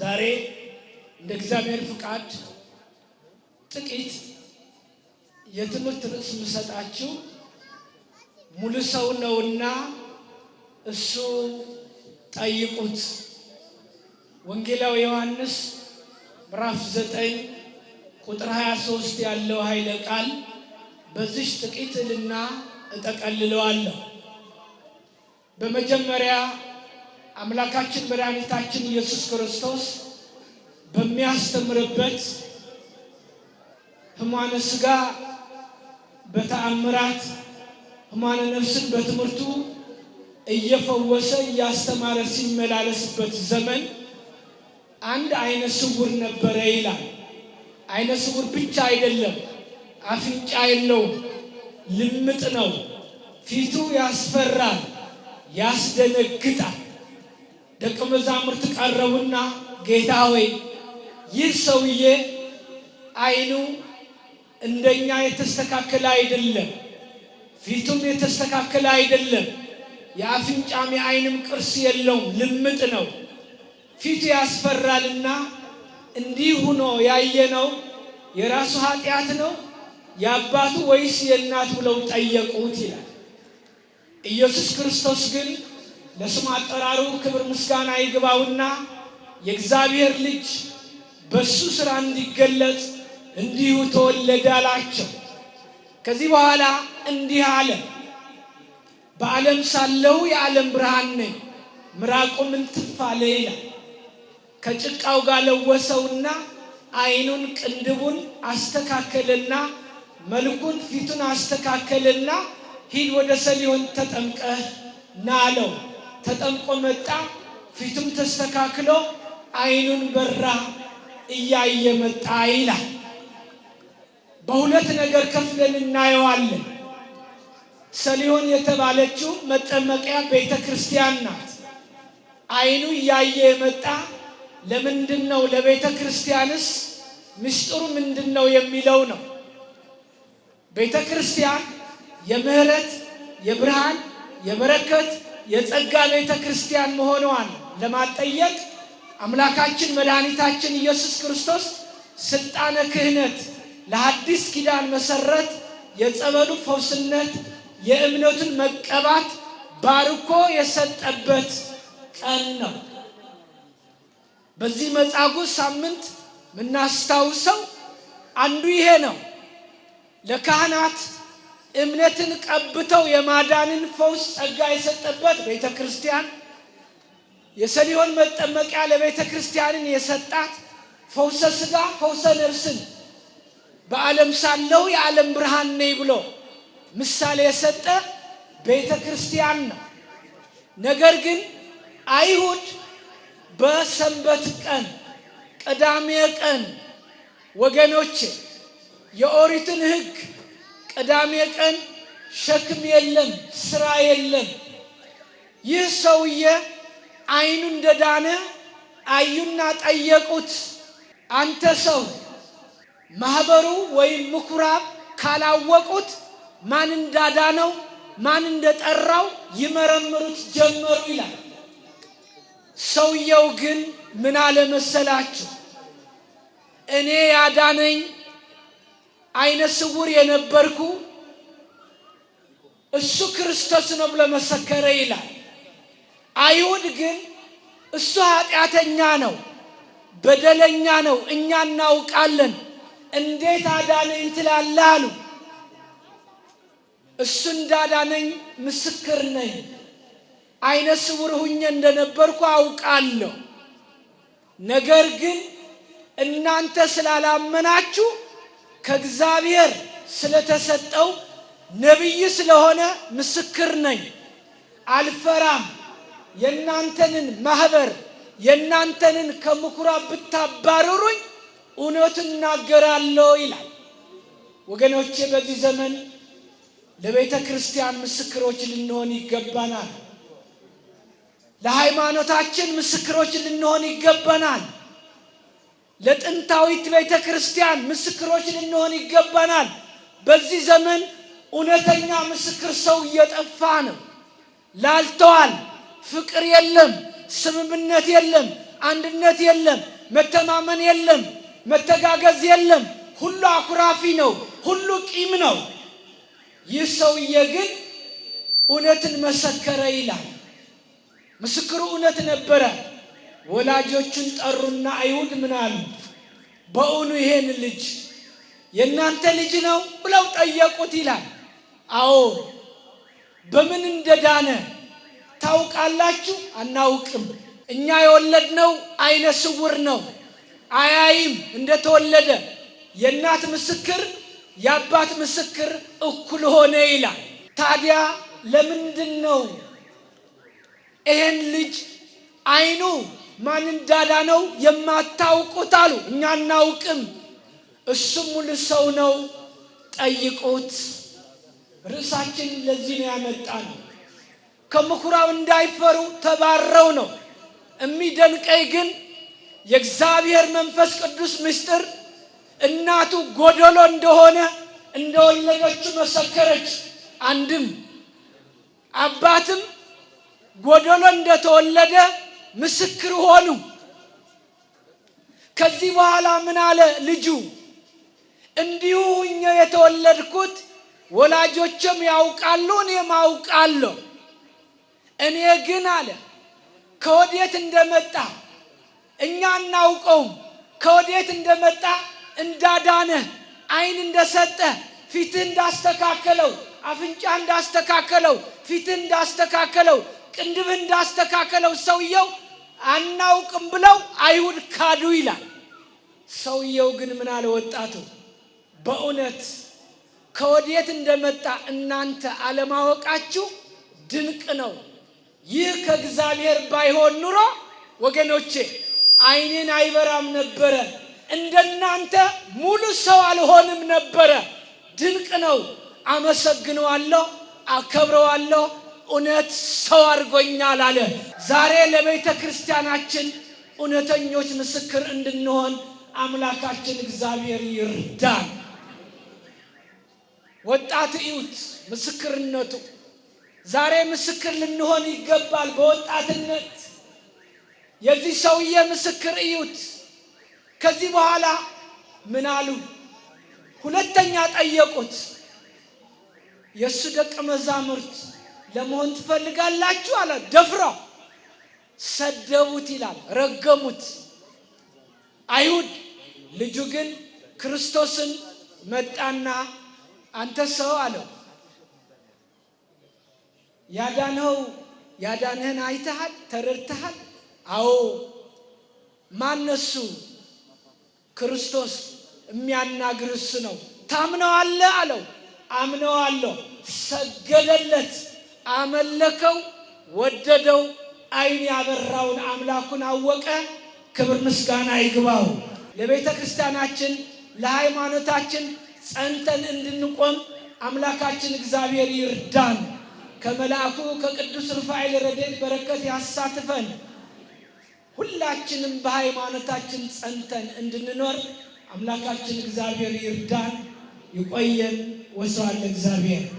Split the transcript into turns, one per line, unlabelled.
ዛሬ እንደ እግዚአብሔር ፍቃድ ጥቂት የትምህርት ርዕስ የምሰጣችሁ ሙሉ ሰው ነውና እሱ ጠይቁት ወንጌላዊ ዮሐንስ ምዕራፍ 9 ቁጥር 23 ያለው ኃይለ ቃል በዚህ ጥቂት እልና እጠቀልለዋለሁ። በመጀመሪያ አምላካችን መድኃኒታችን ኢየሱስ ክርስቶስ በሚያስተምርበት ህማነ ስጋ በተአምራት ህማነ ነፍስን በትምህርቱ እየፈወሰ እያስተማረ ሲመላለስበት ዘመን አንድ አይነ ስውር ነበረ ይላል። አይነ ስውር ብቻ አይደለም፣ አፍንጫ የለውም፣ ልምጥ ነው። ፊቱ ያስፈራል፣ ያስደነግጣል። ደቀ መዛሙርት ቀረቡና ጌታ ሆይ ይህ ሰውዬ አይኑ እንደኛ የተስተካከለ አይደለም፣ ፊቱም የተስተካከለ አይደለም፣ የአፍንጫም የአይንም ቅርስ የለውም፣ ልምጥ ነው፣ ፊቱ ያስፈራልና እንዲህ ሆኖ ያየነው የራሱ ኃጢአት ነው የአባቱ ወይስ የእናት ብለው ጠየቁት ይላል። ኢየሱስ ክርስቶስ ግን ለስም አጠራሩ ክብር ምስጋና ይግባውና የእግዚአብሔር ልጅ በሱ ሥራ እንዲገለጽ እንዲሁ ተወለደ አላቸው። ከዚህ በኋላ እንዲህ አለ፣ በዓለም ሳለው የዓለም ብርሃን ነኝ። ምራቁም እንትፍ አለ ይላል። ከጭቃው ጋር ለወሰውና ዓይኑን ቅንድቡን አስተካከልና መልኩን ፊቱን አስተካከልና ሂድ ወደ ሰሊሆን ተጠምቀህ ናለው። ተጠምቆ መጣ። ፊቱም ተስተካክሎ አይኑን በራ እያየ መጣ ይላል። በሁለት ነገር ከፍለን እናየዋለን። ሰሊሆን የተባለችው መጠመቂያ ቤተ ክርስቲያን ናት። አይኑ እያየ የመጣ ለምንድን ነው? ለቤተ ክርስቲያንስ ምስጢሩ ምንድን ነው የሚለው ነው። ቤተ ክርስቲያን የምህረት፣ የብርሃን፣ የበረከት የጸጋ ቤተ ክርስቲያን መሆኗን ለማጠየቅ አምላካችን መድኃኒታችን ኢየሱስ ክርስቶስ ስልጣነ ክህነት ለአዲስ ኪዳን መሰረት የጸበሉ ፈውስነት የእምነቱን መቀባት ባርኮ የሰጠበት ቀን ነው። በዚህ መጻጉዕ ሳምንት የምናስታውሰው አንዱ ይሄ ነው። ለካህናት እምነትን ቀብተው የማዳንን ፈውስ ጸጋ የሰጠበት ቤተ ክርስቲያን የሰሊሆን መጠመቂያ ለቤተ ክርስቲያንን የሰጣት ፈውሰ ስጋ ፈውሰ ነርስን በዓለም ሳለው የዓለም ብርሃን ነኝ ብሎ ምሳሌ የሰጠ ቤተ ክርስቲያን ነው። ነገር ግን አይሁድ በሰንበት ቀን ቅዳሜ ቀን ወገኖቼ የኦሪትን ሕግ ቅዳሜ ቀን ሸክም የለም፣ ስራ የለም። ይህ ሰውዬ አይኑ እንደዳነ አዩና ጠየቁት። አንተ ሰው ማህበሩ ወይም ምኩራብ ካላወቁት ማን እንዳዳነው ማን እንደጠራው ይመረምሩት ጀመሩ ይላል። ሰውየው ግን ምን አለ መሰላችሁ? እኔ ያዳነኝ አይነ ስውር የነበርኩ እሱ ክርስቶስ ነው ብሎ መሰከረ ይላል። አይሁድ ግን እሱ ኃጢአተኛ ነው፣ በደለኛ ነው፣ እኛ እናውቃለን፣ እንዴት አዳነኝ ትላለህ አሉ። እሱ እንዳዳነኝ ምስክር ነኝ። አይነ ስውር ሁኜ እንደነበርኩ አውቃለሁ። ነገር ግን እናንተ ስላላመናችሁ ከእግዚአብሔር ስለተሰጠው ነቢይ ስለሆነ ምስክር ነኝ። አልፈራም። የእናንተንን ማህበር የእናንተንን ከምኩራብ ብታባረሩኝ እውነት እናገራለሁ ይላል። ወገኖቼ በዚህ ዘመን ለቤተ ክርስቲያን ምስክሮች ልንሆን ይገባናል። ለሃይማኖታችን ምስክሮች ልንሆን ይገባናል። ለጥንታዊት ቤተ ክርስቲያን ምስክሮች ልንሆን ይገባናል። በዚህ ዘመን እውነተኛ ምስክር ሰው እየጠፋ ነው። ላልተዋል። ፍቅር የለም፣ ስምምነት የለም፣ አንድነት የለም፣ መተማመን የለም፣ መተጋገዝ የለም። ሁሉ አኩራፊ ነው፣ ሁሉ ቂም ነው። ይህ ሰውዬ ግን እውነትን መሰከረ ይላል። ምስክሩ እውነት ነበረ። ወላጆቹን ጠሩና አይሁድ ምን አሉ? በእውኑ ይሄን ልጅ የእናንተ ልጅ ነው ብለው ጠየቁት ይላል። አዎ በምን እንደዳነ ታውቃላችሁ? አናውቅም። እኛ የወለድነው አይነ ስውር ነው፣ አያይም። እንደተወለደ የእናት ምስክር የአባት ምስክር እኩል ሆነ ይላል። ታዲያ ለምንድን ነው ይሄን ልጅ አይኑ ማን እንዳዳነው የማታውቁት አሉ። እኛ እናውቅም። እሱም ሙሉ ሰው ነው፣ ጠይቁት። ርዕሳችን ለዚህ ነው ያመጣ ነው። ከምኩራብ እንዳይፈሩ ተባረው ነው። የሚደንቀኝ ግን የእግዚአብሔር መንፈስ ቅዱስ ምስጢር እናቱ ጎደሎ እንደሆነ እንደወለደችው መሰከረች። አንድም አባትም ጎደሎ እንደተወለደ ምስክር ሆኑ። ከዚህ በኋላ ምን አለ ልጁ? እንዲሁ እኛ የተወለድኩት ወላጆችም ያውቃሉ፣ እኔም አውቃለሁ። እኔ ግን አለ ከወዴት እንደመጣ እኛ እናውቀውም፣ ከወዴት እንደመጣ እንዳዳነ፣ አይን እንደሰጠ፣ ፊትህ እንዳስተካከለው፣ አፍንጫ እንዳስተካከለው፣ ፊትህ እንዳስተካከለው ቅንድብ እንዳስተካከለው ሰውየው አናውቅም ብለው አይሁድ ካዱ ይላል። ሰውየው ግን ምን አለ ወጣቱ በእውነት ከወዴት እንደመጣ እናንተ አለማወቃችሁ ድንቅ ነው። ይህ ከእግዚአብሔር ባይሆን ኑሮ ወገኖቼ ዓይኔን አይበራም ነበረ፣ እንደናንተ ሙሉ ሰው አልሆንም ነበረ። ድንቅ ነው። አመሰግነዋለሁ፣ አከብረዋለሁ። እውነት ሰው አድርጎኛል አለ። ዛሬ ለቤተ ክርስቲያናችን እውነተኞች ምስክር እንድንሆን አምላካችን እግዚአብሔር ይርዳል። ወጣት እዩት ምስክርነቱ። ዛሬ ምስክር ልንሆን ይገባል። በወጣትነት የዚህ ሰውዬ ምስክር እዩት። ከዚህ በኋላ ምን አሉ? ሁለተኛ ጠየቁት። የእሱ ደቀ መዛሙርት ለመሆን ትፈልጋላችሁ አለ። ደፍረው ሰደቡት ይላል፣ ረገሙት አይሁድ። ልጁ ግን ክርስቶስን መጣና አንተ ሰው አለው ያዳንኸው ያዳንህን አይተሃል፣ ተረድተሃል? አዎ ማነሱ ክርስቶስ የሚያናግርስ ነው። ታምነዋለ አለው። አምነዋለሁ። ሰገደለት። አመለከው፣ ወደደው። ዓይን ያበራውን አምላኩን አወቀ። ክብር ምስጋና ይግባው። ለቤተ ክርስቲያናችን ለሃይማኖታችን ጸንተን እንድንቆም አምላካችን እግዚአብሔር ይርዳን። ከመልአኩ ከቅዱስ ሩፋኤል ረድኤት በረከት ያሳትፈን። ሁላችንም በሃይማኖታችን ጸንተን እንድንኖር አምላካችን እግዚአብሔር ይርዳን። ይቆየን። ወስብሐት ለእግዚአብሔር።